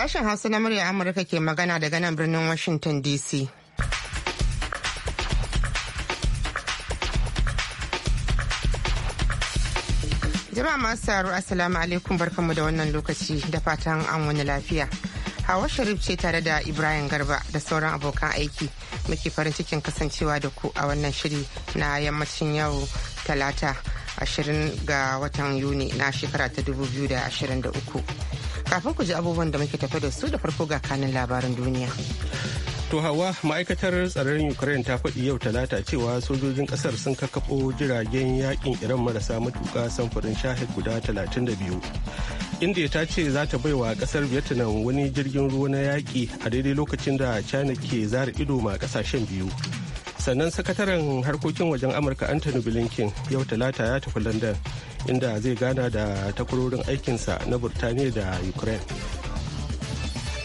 Sashen Hausa na murya Amurka ke magana daga nan birnin Washington DC. jama'a masu saro Assalamu alaikum barkanmu da wannan lokaci da fatan an wani lafiya. Hawa Sharif ce tare da Ibrahim Garba da sauran abokan aiki muke farin cikin kasancewa da ku a wannan shiri na yammacin yau talata 20 ga watan Yuni na shekara ta 2023. kafin ku ji abubuwan da muke tafi da su da farko ga kanin labarin duniya. To hawa ma'aikatar tsaron Ukraine ta faɗi yau talata cewa sojojin ƙasar sun kakaɓo jiragen yaƙin Iran marasa matuƙa samfurin shahid guda talatin da biyu. India ta ce za ta baiwa ƙasar Vietnam wani jirgin ruwa na yaƙi a daidai lokacin da China ke zara ido ma ƙasashen biyu. Sannan sakataren harkokin wajen Amurka Anthony Blinken yau talata ya tafi London inda zai gana da takwarorin aikinsa na burtaniya da ukraine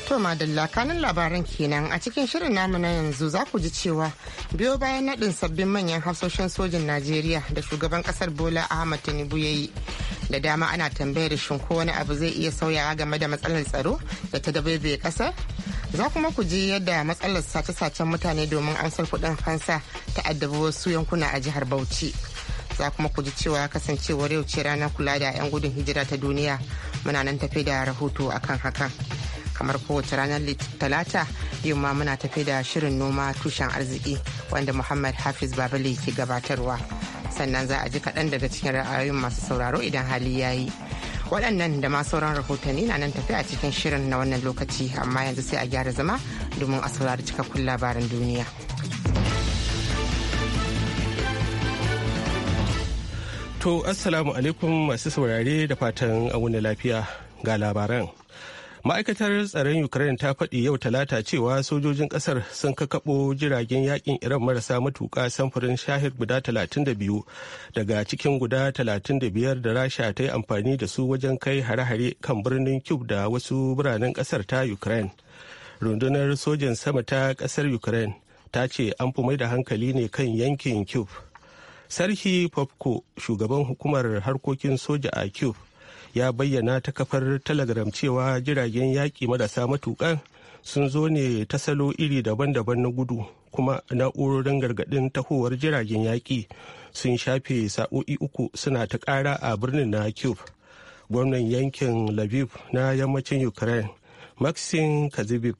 To madalla kanin labaran kenan a cikin shirin namu na yanzu za ku ji cewa biyo bayan naɗin sabbin manyan hafsoshin sojin Najeriya da shugaban ƙasar Bola Ahmad Tinubu ya yi. Da dama ana tambayar shin ko wani abu zai iya sauyawa game da matsalar tsaro da ta dabaibe ƙasar? Za kuma ku ji yadda matsalar sace-sacen mutane domin amsar kuɗin fansa ta addabi wasu yankuna a jihar Bauchi. za kuma ku ji cewa kasancewar yau ce ranar kula da 'yan gudun hijira ta duniya muna nan tafi da rahoto akan hakan kamar kowace ranar talata yau ma muna tafi da shirin noma tushen arziki wanda muhammad hafiz babale ke gabatarwa sannan za a ji kaɗan daga cikin ra'ayoyin masu sauraro idan hali ya yi waɗannan da ma sauran rahotanni na nan tafi a cikin shirin na wannan lokaci amma yanzu sai a gyara zama domin a saurari cikakkun labaran duniya. To, Assalamu alaikum masu saurare da fatan wani lafiya ga labaran. Ma'aikatar tsaron Ukraine ta faɗi yau talata cewa sojojin ƙasar sun kakaɓo jiragen yakin Iran marasa matuka samfurin shahid guda 32 daga cikin guda 35 da Rasha ta yi amfani da su wajen kai hare-hare kan birnin Kyiv da wasu biranen ƙasar ta Ukraine. Rundunar sojin sama ta ƙasar Ukraine ta ce an fi mai da hankali ne kan yankin Kyiv. sarki popko shugaban hukumar harkokin soja a cube ya bayyana ta kafar telegram cewa jiragen yaƙi marasa matukan sun zo ne ta salo iri daban-daban na gudu kuma na'urorin gargaɗin tahowar jiragen yaƙi sun shafe sa'o'i uku suna ta ƙara a birnin na cube gwamnan yankin lviv na yammacin ukraine maxim kazibik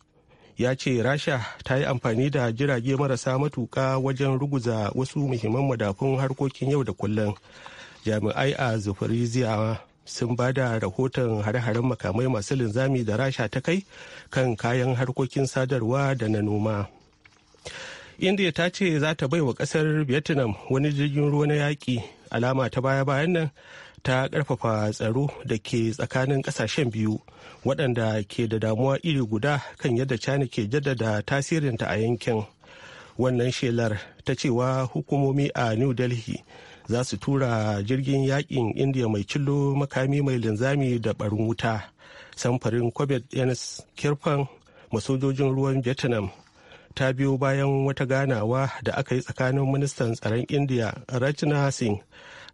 ya ce rasha ta yi amfani da jirage marasa matuka wajen ruguza wasu muhimman madafun harkokin yau da kullum jami'ai a zufiriziya sun ba da rahoton har haren makamai masu linzami da rasha ta kai kan kayan harkokin sadarwa da na noma india ta ce za ta wa kasar vietnam wani jirgin ruwa na yaƙi alama ta baya-bayan nan ta karfafa tsaro da ke tsakanin kasashen biyu waɗanda ke da damuwa iri guda kan yadda china ke jaddada tasirinta a yankin wannan shelar ta cewa hukumomi a new delhi za su tura jirgin yakin india mai cillo makami mai linzami da barin wuta samfarin covid yanis kirfan masojojin ruwan vietnam ta biyo bayan wata ganawa da aka yi tsakanin ministan tsaron indiya rajna singh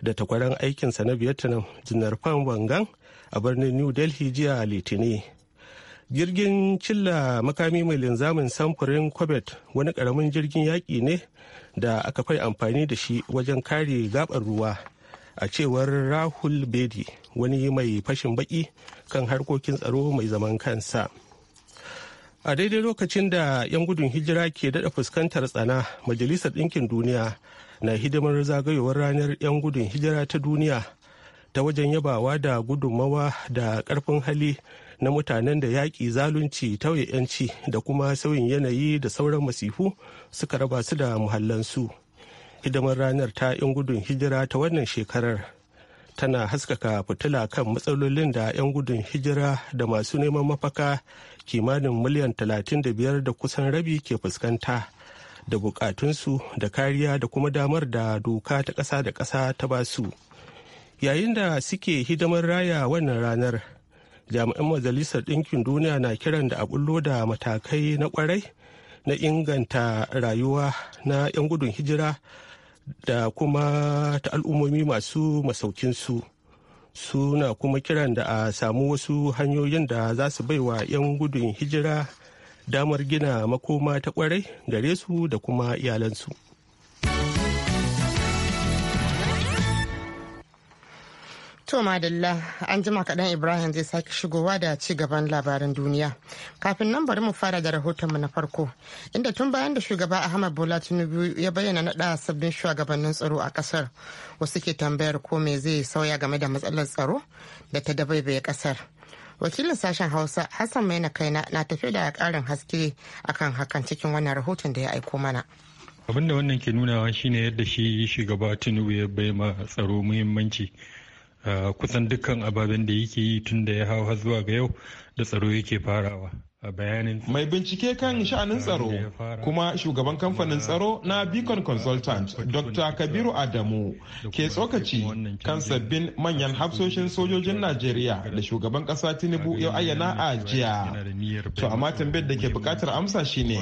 da takwaran aikinsa na vietnam janar pan wangan a birnin new delhi jiya litini jirgin cilla makami mai linzamin samfurin cobet wani karamin jirgin yaƙi ne da aka fai amfani da shi wajen kare gabar ruwa a cewar rahul bedi wani mai fashin baki kan harkokin tsaro mai zaman kansa. a daidai lokacin da 'yan gudun hijira ke daɗa fuskantar tsana majalisar ɗinkin duniya na hidimar zagayowar ranar 'yan gudun hijira ta duniya ta wajen yabawa da gudunmawa da ƙarfin hali na mutanen da yaƙi zalunci tauye 'yanci da kuma sauyin yanayi da sauran masifu suka raba su da muhallansu hidimar ranar ta 'yan gudun hijira ta wannan shekarar tana haskaka fitila kan matsalolin da 'yan gudun hijira da masu neman mafaka kimanin miliyan 35 da kusan rabi ke fuskanta da bukatunsu da kariya da kuma damar da doka ta ƙasa da ƙasa ta basu yayin da suke hidimar raya wannan ranar jami'an majalisar ɗinkin duniya na kiran da a bullo da matakai na kwarai na inganta rayuwa na 'yan gudun hijira da kuma ta al'ummomi masu masaukinsu suna kuma kiran da a samu wasu hanyoyin da za su baiwa 'yan gudun hijira damar gina makoma ta kwarai gare su da kuma iyalansu. To madalla an jima kaɗan Ibrahim zai sake shigowa da ci gaban labaran duniya. Kafin nan bari mu fara da rahotonmu na farko. Inda tun bayan da shugaba Ahmad Bola Tinubu ya bayyana naɗa sabbin shugabannin tsaro a ƙasar wasu ke tambayar ko me zai sauya game da matsalar tsaro da ta dabaibaye ƙasar. Wakilin sashen Hausa Hassan Maina kai na tafi da ƙarin haske akan hakan cikin wannan rahoton da ya aiko mana. Abin da wannan ke nunawa shine yadda shi shugaba Tinubu ya ma tsaro muhimmanci. Eh, kusan dukkan ababen da yake yi tun da ya hau har zuwa ga yau da tsaro yake farawa mai bincike kan sha'anin tsaro kuma shugaban kamfanin tsaro na beacon consultant dr kabiru adamu ke tsokaci kan sabbin manyan hafsoshin sojojin najeriya da shugaban kasa tinubu yau ayyana a jiya to amma tambayar da ke bukatar amsa shine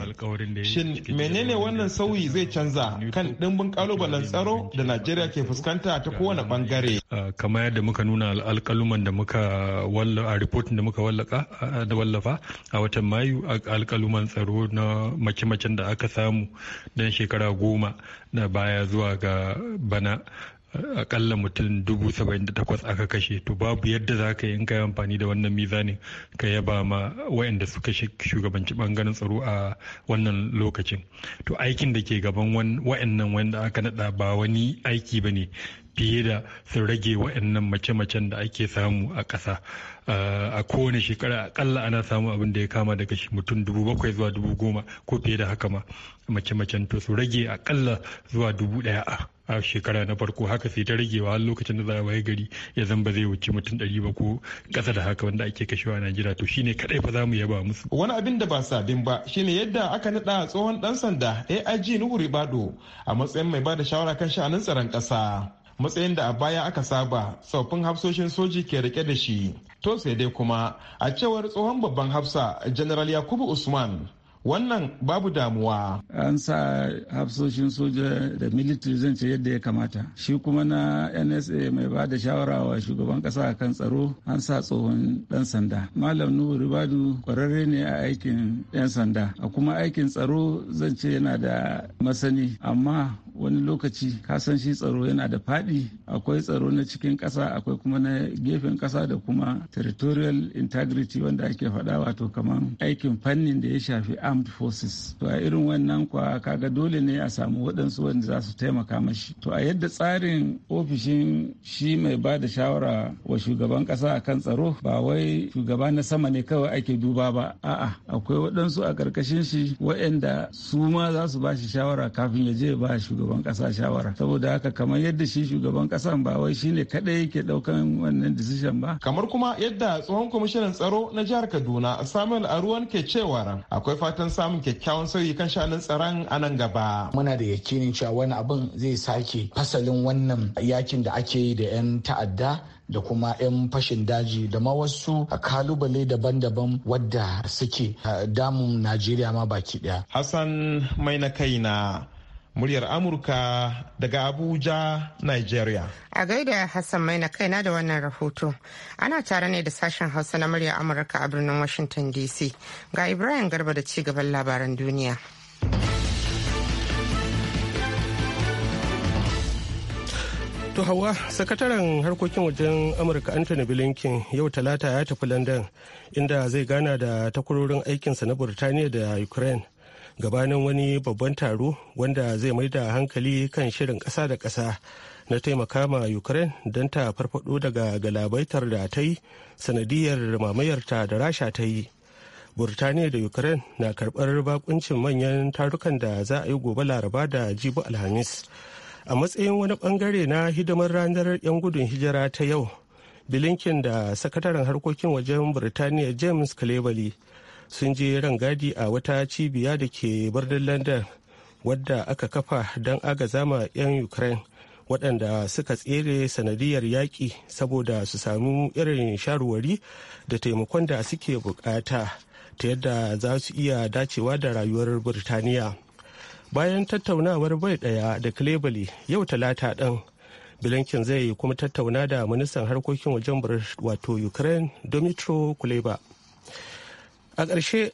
shin menene wannan sauyi zai canza kan dimbin kalubalen tsaro da najeriya ke fuskanta ta kowane bangare eh, kamar yadda muka nuna alkaluman da muka a da muka wallafa a watan mayu a alkaluman tsaro na mace-macen da aka samu don shekara goma na baya zuwa ga bana akalla mutum dubu aka kashe to babu yadda za ka yi in ka amfani da wannan mizanin ka yaba ma wayanda suka shugabanci bangaren tsaro a wannan lokacin to aikin da ke gaban wayannan wanda aka naɗa ba wani aiki ba ne fiye da sun rage wa'annan mace-macen da ake samu a ƙasa a kowane shekara akalla ana samu abin da ya kama daga mutum dubu bakwai zuwa dubu goma ko fiye da haka ma mace-macen to su rage akalla zuwa dubu ɗaya a shekara na farko haka sai ta ragewa har lokacin da za a waye gari ya zan ba zai wuce mutum ɗari ba ko ƙasa da haka wanda ake kashewa a Najeriya to shine kadai fa za mu yaba musu. Wani abin da ba sabin ba shine yadda aka naɗa tsohon ɗan sanda AIG Nuhu Ribado a matsayin mai ba da shawara kan sha'anin tsaron ƙasa. matsayin da a baya aka saba tsoffin hafsoshin soji ke rike da shi to sai dai kuma a cewar tsohon babban hafsa general yakubu usman wannan babu damuwa. An sa hafsoshin soja da military zan ce yadda ya kamata. Shi kuma na NSA mai ba da shawara wa shugaban kasa kan tsaro an sa tsohon dan sanda. Malam Nuhu Ribadu kwararre ne a aikin 'yan sanda. A kuma aikin tsaro zan ce yana da masani amma wani lokaci kasan shi tsaro yana da faɗi akwai tsaro na cikin ƙasa akwai kuma na gefen ƙasa da kuma territorial integrity wanda ake faɗa wato kamar aikin fannin da ya shafi armed forces to a irin wannan kwa kaga dole ne a samu waɗansu wanda za su taimaka mashi to a yadda tsarin ofishin shi mai ba da shawara wa shugaban ƙasa kan tsaro ba wai shugaba na sama ne kawai ake duba ba a'a akwai waɗansu a ƙarƙashin shi waɗanda su ma za su ba shi shawara kafin ya je ba shugaban shugaban kasa shawara saboda haka kamar yadda shi shugaban kasan ba wai shine kadai yake daukan wannan decision ba kamar kuma yadda tsohon kwamishinan tsaro na jihar Kaduna Samuel Aruwan ke cewa akwai fatan samun kyakkyawan sauyi kan shanun tsaron a nan gaba muna da yakinin cewa wani abin zai sake fasalin wannan yakin da ake yi da 'yan ta'adda da kuma 'yan fashin daji da ma wasu kalubale daban-daban wadda suke eh, damun najeriya ma baki daya hassan mai na kaina muryar amurka daga abuja nigeria a gaida hassan maina kaina da wannan rahoto ana tare ne da sashen hausa na muryar amurka a birnin washington dc ga ibrahim garba da ci gaban labaran duniya To hawa sakataren harkokin wajen Amurka Anthony Blinken yau talata ya tafi Landan, inda zai gana da takwarorin aikinsa na Burtaniya da Ukraine. gabanin wani babban taro wanda zai mai da hankali kan shirin ƙasa da ƙasa na taimaka ma ukraine don ta farfado daga galabaitar da ta yi sanadiyar mamayarta da rasha ta yi burtaniya da ukraine na karɓar bakuncin manyan tarukan da za a yi gobe laraba da jibi alhamis a matsayin wani bangare na hidimar ranar 'yan gudun hijira ta yau bilinkin da sakataren harkokin wajen burtaniya james clevely sun je rangadi a wata cibiya da ke birnin london wadda aka kafa don agaza ma 'yan ukraine waɗanda suka tsere sanadiyar yaƙi saboda su samu irin sharuwari da taimakon da suke bukata ta yadda za su iya dacewa da rayuwar birtaniya bayan tattaunawar bai ɗaya da klebali yau talata ɗin bilankin zai kuma tattauna da ministan harkokin wajen wato ukraine domitro kuleba a ƙarshe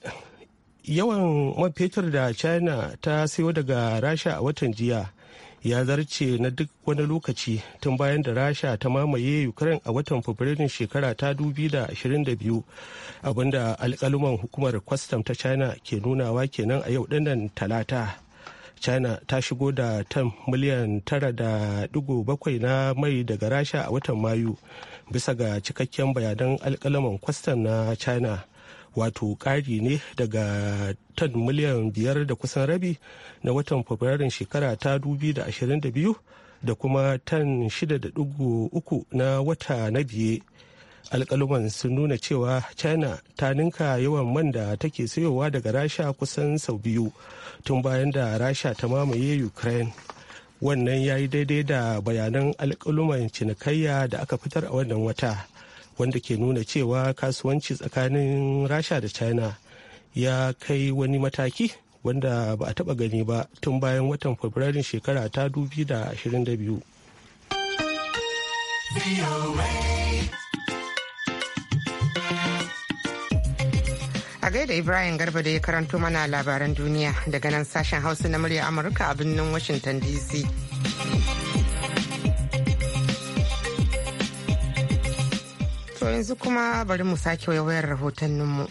yawan man fetur da china ta sayo daga rasha a watan jiya ya zarce na duk wani lokaci tun bayan da rasha ta mamaye ukraine a watan fabrairun shekara ta 2022 abinda alkaluman hukumar kwastam ta china ke nunawa kenan a yau dinnan talata china ta shigo da tan miliyan 9.7 na mai daga rasha a watan mayu bisa ga cikakken bayanan alkalaman kwastam na china wato ƙari ne daga tan miliyan biyar da kusan rabi na watan fabrairun shekara ta 2022 da kuma tan 6.3 na wata na biye alkaluman sun nuna cewa china ta ninka yawan man da take sayowa daga rasha kusan sau biyu tun bayan da rasha ta mamaye ukraine wannan ya yi daidai da bayanan alkaluman cinikayya da aka fitar a wannan wata wanda ke nuna cewa kasuwanci tsakanin rasha da china ya kai wani mataki wanda ba a taba gani ba tun bayan watan fabrairun shekara ta biyu. a gaida ibrahim garba da ya karanto mana labaran duniya daga nan sashen hausa na murya amurka a birnin washington dc yanzu kuma bari mu sake waiwayar rahotanninmu.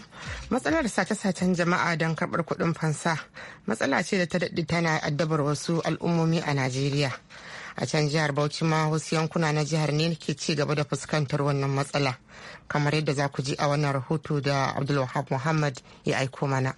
Matsalar sace-sacen jama'a don karɓar kuɗin fansa matsala ce da ta daɗe tana addabar wasu al'ummomi a Najeriya. A can jihar Bauchi ma wasu yankuna na jihar ne ke ci gaba da fuskantar wannan matsala. Kamar yadda za ku ji a wannan rahoto da Abdulwahab Muhammad ya aiko mana.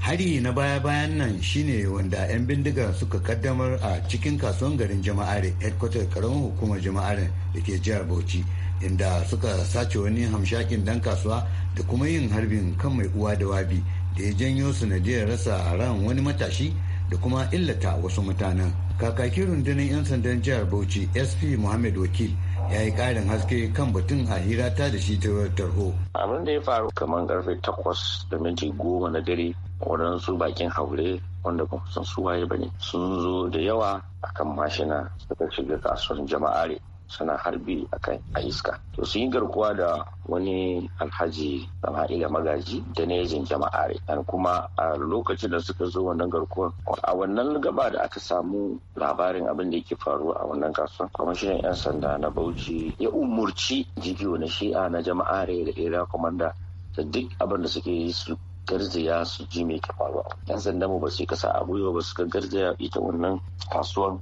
hari na baya-bayan nan shine wanda 'yan bindiga suka kaddamar a cikin kasuwan garin jama'are headquarter karamin hukumar jama'ar da ke jihar bauchi inda suka sace wani hamshakin dan kasuwa da kuma yin harbin kan mai uwa da wabi da ya janyo sanadiyar rasa ran wani matashi da kuma illata wasu mutanen kakakin rundunar 'yan sandan jihar bauchi sp muhammad wakil ya yi ƙarin haske kan batun a hira ta da shi ta tarho. abin da ya faru kamar karfe takwas da minti goma na dare waɗansu bakin haure wanda ba san su waye ba ne sun zo da yawa akan mashina suka shiga kasuwar jama'are suna harbi akan a iska to sun yi garkuwa da wani alhaji sama'ila magaji da nejin jama'a ne kuma a lokacin da suka zo wannan garkuwar a wannan gaba da aka samu labarin abin da yake faruwa a wannan kasuwar kwamishinan yan sanda na bauchi ya umurci jigiyo na shi'a na jama'a da era kwamanda da duk abin da suke yi su Garjiya su ji me ke faruwa yan sanda mu ba su kasa a gwiwa ba su ka garjiya ita wannan kasuwar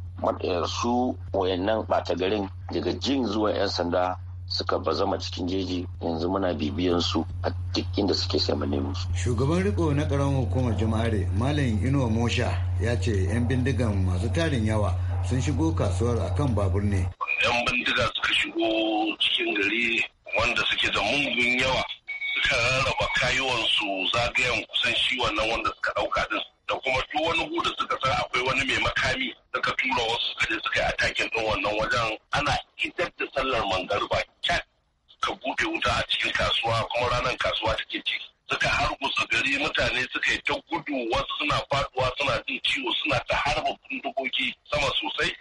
su wayannan bata garin daga jin zuwa yan sanda suka bazama cikin jeji yanzu muna bibiyan su a duk inda suke sai mu nemo su shugaban riko na karamin hukumar jama'are malam inuwa mosha ya ce yan bindigan masu tarin yawa sun shigo kasuwar akan babur ne yan bindiga suka shigo cikin gari wanda suke da mungun yawa suka rara. aka yi wansu zagayen kusan shi wannan wanda suka ɗauka din da kuma duk wani hudu suka san akwai wani mai makami suka tura wasu suka suka yi atakin ɗin wannan wajen ana idar da sallar mangariba cat ka buɗe wuta a cikin kasuwa kuma ranar kasuwa take ci suka hargutsa gari mutane suka yi ta gudu wasu suna faduwa suna jin ciwo suna ta harba bindigogi sama sosai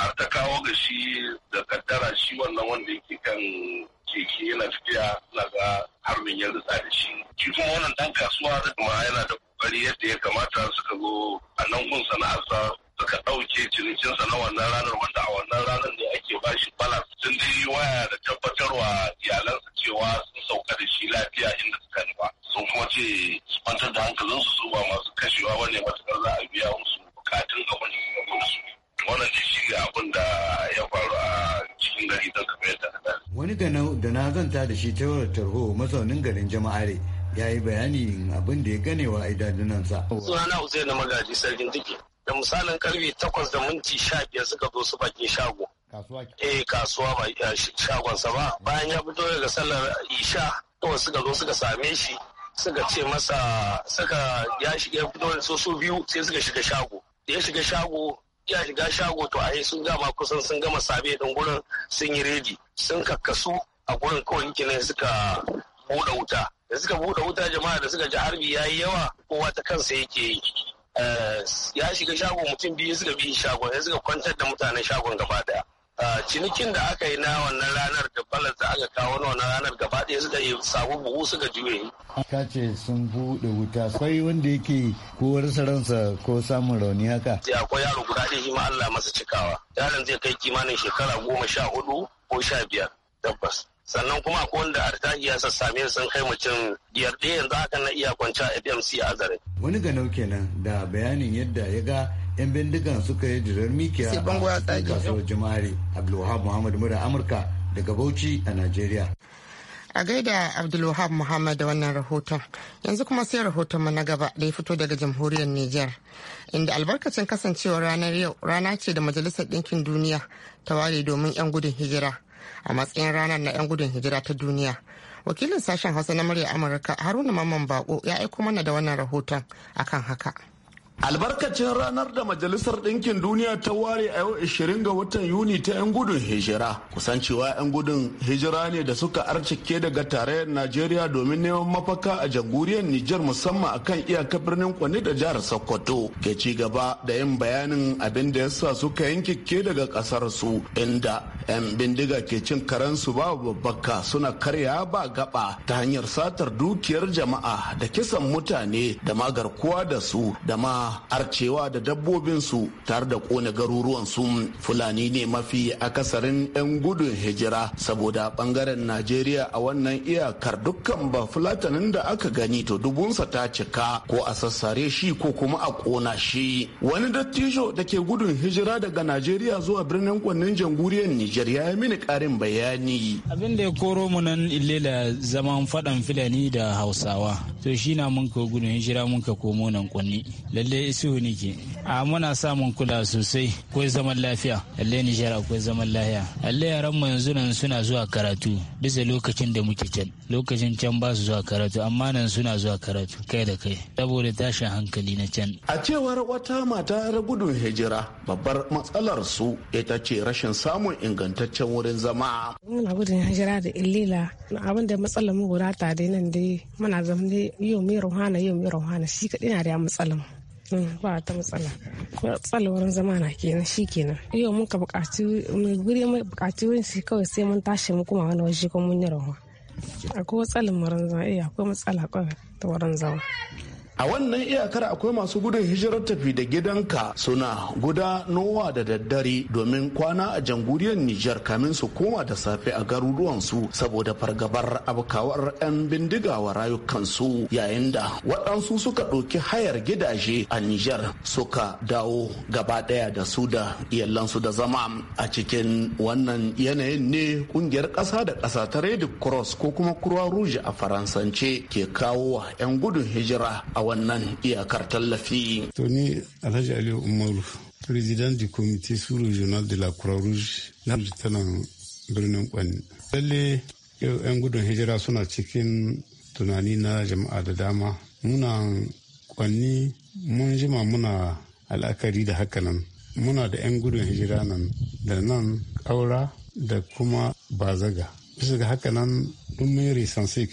har ta kawo ga shi da kaddara shi wannan wanda yake kan keke yana tafiya na ga harbin ya rutsa da shi shi kuma wannan dan kasuwa da kuma yana da kokari yadda ya kamata suka zo a nan gun sana'arsa suka ɗauke cinikinsa na wannan ranar wanda a wannan ranar ne ake ba shi balas sun dai waya da tabbatarwa iyalansa cewa sun sauka da shi lafiya inda suka nufa sun kuma ce su kwantar da hankalinsu su ba masu kashewa bane matukar za a biya musu ganau da na zanta da shi ta yawar tarho mazaunin garin jama'are ya yi bayanin abin da ya ganewa idanunansa. sunana Uzair na magaji sarkin duki da misalin karfe takwas da minti sha biyar suka zo su bakin shago eh kasuwa ba shagonsa ba bayan ya fito daga sallar isha kawai suka zo suka same shi suka ce masa suka ya shiga fito da su biyu sai suka shiga shago ya shiga shago ya shiga shago to ai sun gama kusan sun gama sabe don gurin sun yi redi sun kakkasu a gurin kawai yankin ne suka buɗe wuta da suka buɗe wuta jama'a da suka ji harbi ya yi yawa kowa ta kansa yake yi eh, ya shiga shago mutum biyu suka bi shagon ya suka kwantar da mutanen shagon gaba daya cinikin da aka yi na wannan ranar da balas da aka kawo na wannan ranar gaba ɗaya suka yi samu buhu suka juye. Ka ce sun buɗe wuta akwai wanda yake ko rasa ransa ko samun rauni haka. Sai akwai yaro guda ɗaya shi ma Allah masa cikawa. Yaron zai kai kimanin shekara goma sha hudu ko sha biyar tabbas. sannan kuma akwai wanda iya ya sassame sun kai mutum biyar ɗaya yanzu haka na iya kwanci a FMC a zare. Wani ganau kenan da bayanin yadda ya ga 'yan bindigan suka yi jirar mikiya a kasuwar jamari abdulwahab muhammad mura amurka daga bauchi a nigeria a gaida abdulwahab muhammad da wannan rahoton yanzu kuma sai rahoton na gaba da ya fito daga jamhuriyar niger inda albarkacin kasancewar ranar yau rana ce da majalisar ɗinkin duniya ta ware domin 'yan gudun hijira a matsayin ranar na 'yan gudun hijira ta duniya wakilin sashen hausa na murya amurka haruna mamman bako ya aiko mana da wannan rahoton akan haka albarkacin ranar da majalisar ɗinkin duniya ta ware a yau 20 ga watan yuni ta 'yan gudun hijira kusan cewa 'yan gudun hijira ne da suka arcike daga tarayyar najeriya domin neman mafaka a jamhuriyar nijar musamman a kan iyaka birnin kwani da jihar sokoto ke ci gaba da yin bayanin abin da ya sa suka ke daga kasar su inda 'yan bindiga ke cin karensu ba babbaka suna karya ba gaba ta hanyar satar dukiyar jama'a da kisan mutane da ma garkuwa da su da ma arcewa da su tare da kone garuruwan su fulani ne mafi akasarin 'yan gudun hijira saboda bangaren najeriya a wannan iyakar dukkan ba fulatanin da aka gani to dubunsa ta cika ko a sassare shi ko kuma a kona shi wani dattijo da ke gudun hijira daga najeriya zuwa birnin kwannin jamhuriyar nijar ya yi mini karin bayani abin da ya koro mu nan illela zaman fadan fulani da hausawa to shi na mun ka gudun hijira mun ka komo nan kwanni lalle isu a muna samun kula sosai kai zaman lafiya lalle nijar akwai zaman lafiya alle yaran mu yanzu nan suna zuwa karatu bisa lokacin da muke can lokacin can ba su zuwa karatu amma nan suna zuwa karatu kai da kai saboda tashin hankali na can a cewar wata mata yar gudun hijira babbar matsalar su ita ce rashin samun ingantaccen wurin zama muna gudun hijira da illila abin da matsalar mu guda ta dai nan dai muna zama yau mai ruhana yau mai ruhana shi kadai na da matsalar Mm, ba ta matsala tsalwar zama na kenan shi kenan yau mun ka bukaci guri mai bukaci wurin shi kawai sai mun tashi mu kuma wani waje kuma mun yi rawa akwai matsalin wurin zama iya eh, akwai matsala kawai ta wurin zama a wannan iyakar akwai masu gudun hijirar tafi da gidanka suna gudanowa da daddare domin kwana a jamhuriyar nijar kamin su koma da safe a garuruwansu saboda fargabar abkawar 'yan bindiga wa rayukansu yayin da waɗansu suka ɗauki hayar gidaje a nijar suka dawo gaba ɗaya da su da iyalansu da zama a cikin wannan yanayin ne ƙungiyar ƙasa da ƙasa ta red cross ko kuma croix rouge a faransance ke kawo wa 'yan gudun hijira a wannan iyakar tallafi. Tony Alhaji Aliyu Umaru, President du Comité Sous Regional de la Croix-Rouge na Jitanan birnin Kwani. Lalle yau 'yan gudun hijira suna cikin tunani na jama'a da dama. Muna Kwani mun jima muna al'akari da hakanan. Muna da 'yan gudun hijira nan da nan ƙaura da kuma bazaga. Bisa ga hakanan dun mun risan su.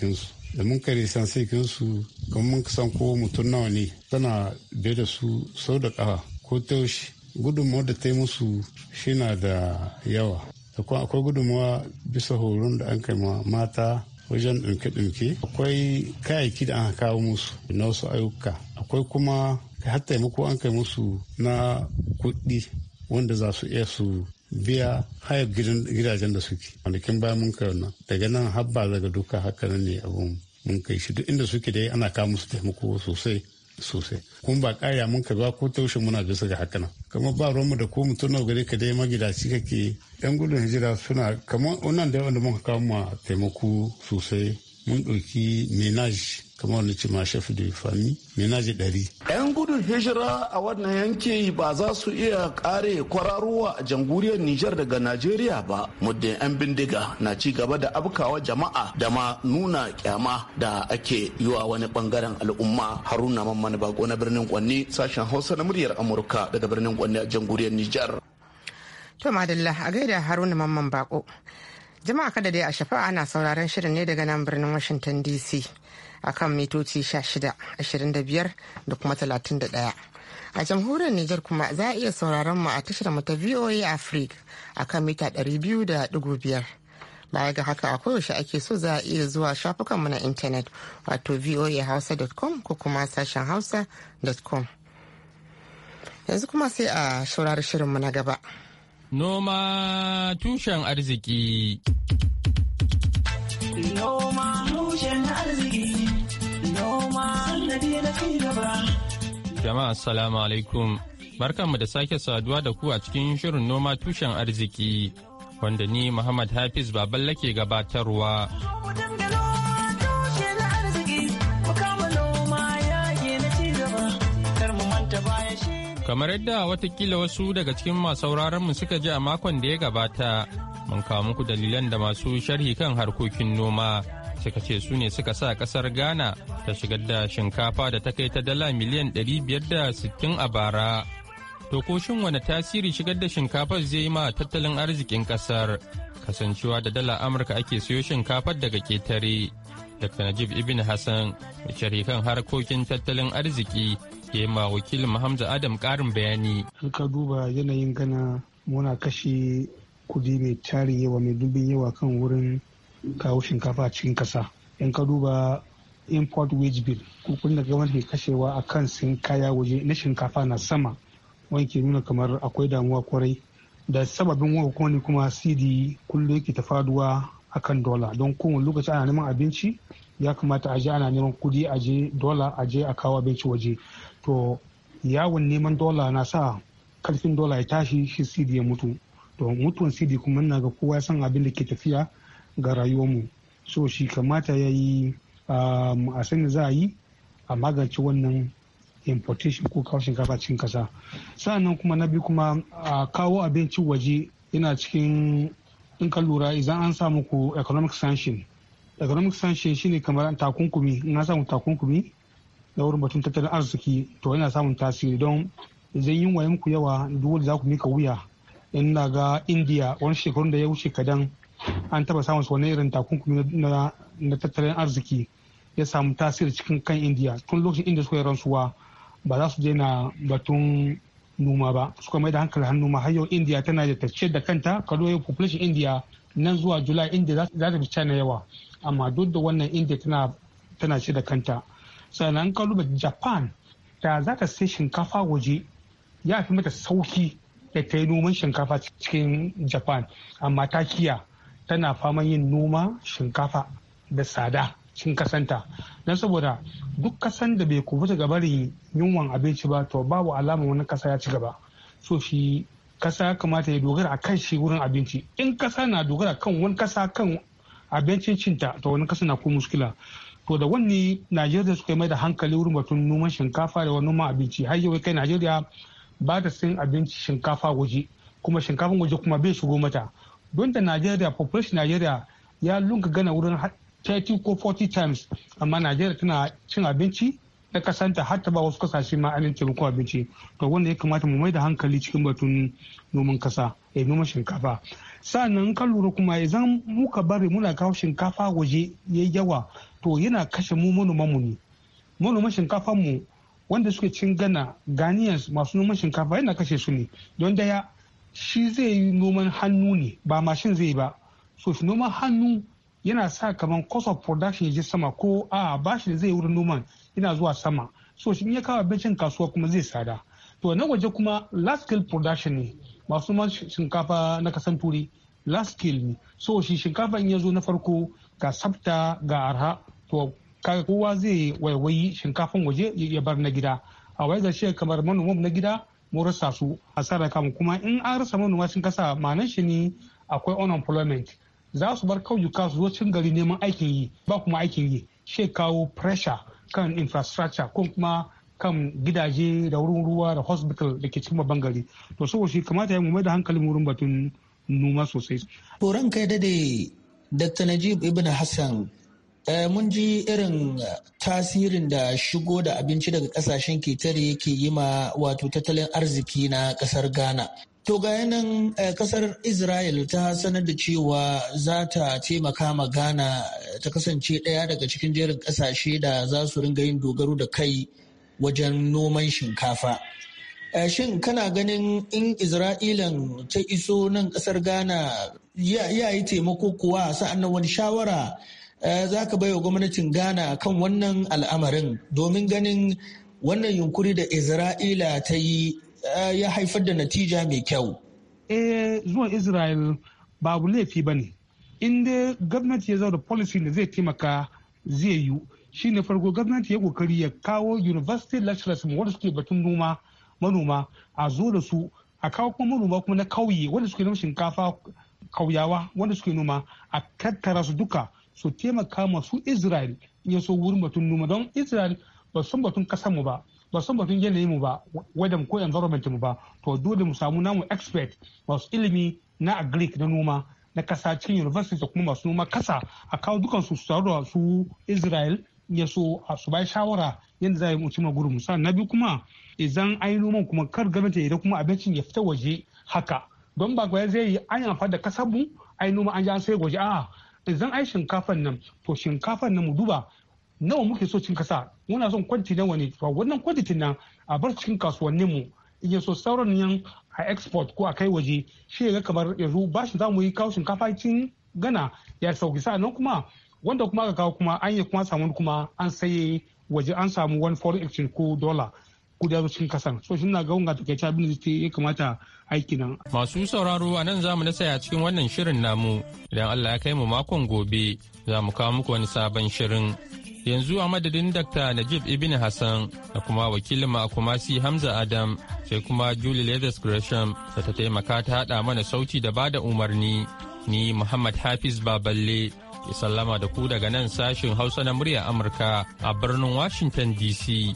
da mun kare san sai su kan mun san ko mutum nawa ne tana bai da su sau da ƙafa ko taushe gudunmawar da ta musu shi na da yawa akwai gudunmawa bisa horon da an kai mata wajen ɗinke-ɗinke akwai kayayyaki da an kawo musu na wasu ayyuka akwai kuma har taimako an kai musu na kuɗi wanda za su iya su biya haya gidajen da suke kwanakin bayan mun kai wannan daga nan habba daga duka haka nan ne abun mun kai shi duk inda suke dai ana kawo musu taimako sosai sosai kun ba kariya mun ka ba ko taushe muna bisa ga haka nan kamar ba ruwanmu da ko mutum na gari ka dai magidaci kake yan gudun hijira suna kamar wannan da wanda muka kawo ma taimako sosai mun ɗauki menage kamar wani cima shafi da fami ji ɗari. yan gudun hijira a wannan yanki ba za su iya kare kwararruwa a jamhuriyar nijar daga najeriya ba muddin yan bindiga na ci gaba da abkawa jama'a da ma nuna kyama da ake yi wa wani bangaren al'umma haruna mamman bako na birnin kwanni sashen hausa na muryar amurka daga birnin kwanni a jamhuriyar nijar. to madalla a gaida haruna mamman bako jama'a kada dai a shafa'a ana sauraron shirin ne daga nan birnin washington dc a kan mitoci 16,25 da kuma 31 a jamhuriyar Nijar kuma za a iya sauraron mu a tashar mu ta VOA Africa a kan mita 200.5 baya ga haka a koyaushe ake so za a iya zuwa shafukanmu na intanet wato voahausa.com ko kuma sashen hausa.com yanzu kuma sai a saurari shirinmu na gaba noma tushen arziki noma tushen arziki Jama'a salamu alaikum. Barkanmu da sake saduwa da ku a cikin shirin noma tushen arziki wanda ni Muhammad Hafiz Baballa ke gabatarwa. Kamar yadda watakila wasu daga cikin masu mu suka ji a makon da ya gabata, mun kawo muku dalilan da masu sharhi kan harkokin noma suka ce su ne suka sa kasar ghana ta shigar da shinkafa da ta kai ta dala miliyan 560 a bara to ko wani tasiri shigar da shinkafar zai yi ma tattalin arzikin kasar kasancewa da dala amurka ake siyo shinkafar daga ketare dr najib ibn hassan da kan harkokin tattalin arziki ya ma wakilin hamza adam karin bayani an ka duba yanayin gana muna kashe kudi mai tarin yawa mai dubin yawa kan wurin kawo shinkafa a cikin kasa in ka duba import wage bill kukun da gwamnati ke kashewa a kan sin kaya waje na shinkafa na sama wani ke nuna kamar akwai damuwa kwarai da sababin wani kuma cd kullum yake ta faduwa akan dola don kowane lokaci ana neman abinci ya kamata a je ana neman kudi a je dola a je a kawo abinci waje to yawon neman dola na sa karfin dola ya tashi shi cd ya mutu to mutuwan cd kuma na ga kowa ya san abin da ke tafiya ga rayuwarmu so shi kamata ya yi um, a sani za a yi a magance wannan importation ko kawo shinkafa cikin kasa sa'annan kuma na biyu kuma a kawo abinci waje yana cikin in ka lura idan an sa ku economic sanction economic sanction shine kamar takunkumi in an samu takunkumi na wurin batun tattalin arziki to yana samun tasiri don yi wayan ku yawa duk wanda za ku mika wuya in na ga india wani shekarun da ya wuce kadan an taba samun su wani irin takunkumi na tattalin arziki ya samu tasiri cikin kan indiya tun lokacin inda suka yi rantsuwa ba za su daina batun noma ba suka mai da hankali hannu ma har yau indiya tana da tacce da kanta kalo population indiya nan zuwa july inda za ta fi china yawa amma duk da wannan indiya tana tana ce da kanta sannan ka duba japan da za ta sai shinkafa waje ya fi mata sauki da ta yi noman shinkafa cikin japan amma ta kiya tana faman yin noma shinkafa da tsada cin kasanta don saboda duk kasan da bai kubuta ga barin yunwan abinci ba to babu alama wani kasa ya ci gaba so shi kasa ya kamata ya dogara kan shi wurin abinci in kasa na dogara kan wani kasa kan abincin cinta to wani kasa na ko muskila to da wani najeriya suka mai da hankali wurin batun noman shinkafa da noman abinci har yau kai najeriya ba ta sin abinci shinkafa waje kuma shinkafan waje kuma bai shigo mata don da najeriya population najeriya ya lunka gana wurin 30 ko 40 times amma najeriya tana cin abinci na kasanta har ta ba wasu kasashe ma anin taimakon abinci to wanda ya kamata mu mai da hankali cikin batun noman kasa ya eh, noman shinkafa sa'annan kan lura kuma idan muka bari muna kawo shinkafa waje ya yawa to yana kashe mu manoman mu ne manoman shinkafa mu wanda suke cin gana ganiyans masu noman shinkafa yana kashe su ne don daya shi zai yi noman hannu ne ba mashin zai ba so shi noman hannu yana sa kamar cost of production ya je sama ko a bashin da zai wurin noman yana zuwa sama so shi ya kawo abincin kasuwa kuma zai sada to na waje kuma last scale production ne masu man shinkafa na kasan turi last scale ne so shi shinkafa in ya zo na farko ga sabta ga arha to kowa zai waiwayi shinkafan waje ya bar na gida a wai ga shi kamar manoman na gida mun rasa su hasara kamu kuma in an rasa manoma cin kasa ma'anar shi ne akwai unemployment za su bar kauyuka su zo cin gari neman aikin yi ba kuma aikin yi shi kawo pressure kan infrastructure ko kuma kan gidaje da wurin ruwa da hospital da ke cikin babban gari to so shi kamata ya mai da hankalin wurin batun noma sosai. Horon kai dade Dr. Najib Ibn Hassan Eh, mun ji irin tasirin da shigo da abinci daga kasashen ketare yake yi ma wato tattalin arziki na kasar ghana to ga yanan eh, kasar israel ta sanar da cewa za ta taimaka ma ghana eh, ta kasance ɗaya daga cikin jerin kasashe da za su ringa yin dogaro da kai wajen noman shinkafa shin kana ganin in isra'ilan ta iso nan kasar ghana ya yi taimako kuwa sa'annan wani shawara Eh, za ka baiwa gwamnatin ghana kan wannan al'amarin domin ganin wannan yunkuri da isra'ila ta yi eh, ya haifar da natija mai kyau eh zuwan isra'il babu laifi ba ne in gwamnati ya zau da policy da zai taimaka zai yi shi ne farko gwamnati ya kokari ya kawo university lecturers wanda suke batun noma manoma a zo da su a kawo kuma manoma kuma na kauye wanda suke noma shinkafa kauyawa wanda suke noma a tattara su duka su taimaka masu Israel ya so wurin batun noma don Israel ba san batun kasar mu ba ba san batun yanayi mu ba wadam ko environment mu ba to dole mu samu namu expert masu ilimi na agric na noma na kasa cikin university da kuma masu noma kasa a kawo dukan su da su Israel ya so a su bai shawara yadda za a yi mutum a gurin musa na biyu kuma idan an yi noman kuma kar gwamnati idan kuma abincin ya fita waje haka don ba zai yi an yi amfani da kasar mu a yi noma an ji an sai waje a. idan ai shinkafan nan to shinkafan nan mu duba nawa muke so cin kasa muna son kwanti nawa ne to wannan kwantitin nan a bar cikin kasuwannin mu in so sauran yan a export ko a kai waje shi ga kamar yanzu bashin za mu yi kawo shinkafa cin gana ya sauki nan kuma wanda kuma aka kawo kuma an yi kuma samu kuma an saye waje an samu wani foreign exchange ko dollar ku cikin kasar so shi na abin da ya kamata aiki nan masu sauraro a nan za mu saya cikin wannan shirin namu idan Allah ya kai mu makon gobe za mu kawo muku wani sabon shirin yanzu a madadin Dr. Najib Ibn Hassan da kuma wakilin Kumasi Hamza Adam sai kuma Julie Leathers Gresham da ta taimaka ta haɗa mana sauti da ba da umarni ni Muhammad Hafiz Baballe sallama da ku daga nan sashin Hausa na murya Amurka a birnin Washington DC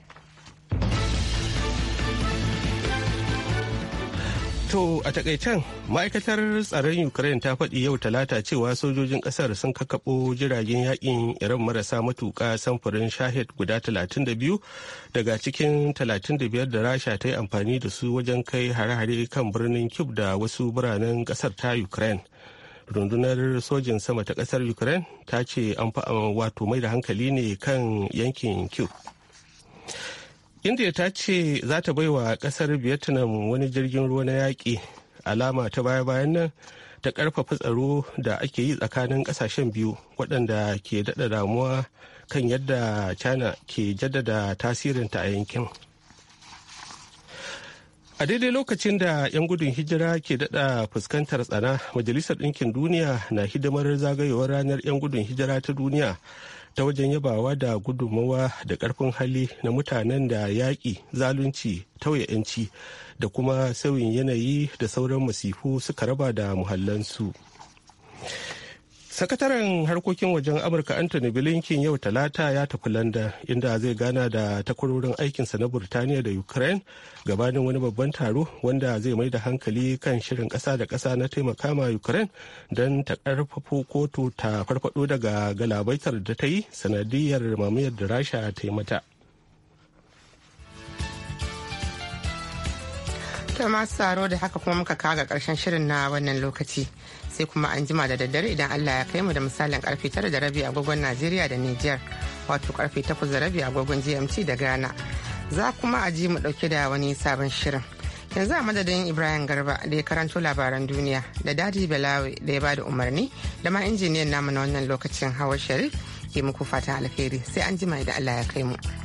To a takaicen ma'aikatar tsaron Ukraine ta faɗi yau talata cewa sojojin ƙasar sun kakaɓo jiragen yakin Iran marasa matuƙa samfurin Shahid guda 32 daga cikin 35 da Rasha ta yi amfani da su wajen kai hare-hare kan birnin Kyiv da wasu biranen ƙasar ta Ukraine. rundunar sojin sama ta ƙasar ukraine ta ce an wato mai da hankali ne kan yankin kyiv india ta ce za ta bai wa kasar vietnam wani jirgin ruwa na yaƙi alama ta baya-bayan nan ta ƙarfafa tsaro da ake yi tsakanin ƙasashen biyu waɗanda ke daɗa damuwa kan yadda china ke jaddada tasirinta a yankin a daidai lokacin da 'yan gudun hijira ke dada fuskantar tsana majalisar ɗinkin duniya na hidimar zagayowar ranar 'yan gudun hijira ta duniya ta wajen yabawa da gudummawa da ƙarfin hali na mutanen da yaƙi zalunci tauye 'yanci da kuma sauyin yanayi da sauran masifu suka raba da muhallansu. sakataren harkokin wajen amurka anthony blinken yau talata ya tafi london inda zai gana da takwarorin aikinsa na burtaniya da ukraine gabanin wani babban taro wanda zai mai da hankali kan shirin kasa da kasa na taimaka ma ukraine don ta karfafo kotu ta farfado daga galabaitar da ta yi sanadiyar mamayar da rasha ta yi mata To masu tsaro da haka kuma muka kaga karshen shirin na wannan lokaci sai kuma an jima da daddare idan Allah ya kai mu da misalin karfe tara da rabi agogon Najeriya da Nijar wato karfe takwas da rabi agogon GMT da Ghana. Za kuma a ji mu dauke da wani sabon shirin. Yanzu a madadin Ibrahim Garba da ya karanto labaran duniya da Dadi Balawi da ya ba da umarni da ma injiniyan namu na wannan lokacin Hawa Sharif ke muku fatan alheri sai an jima idan Allah ya kai mu.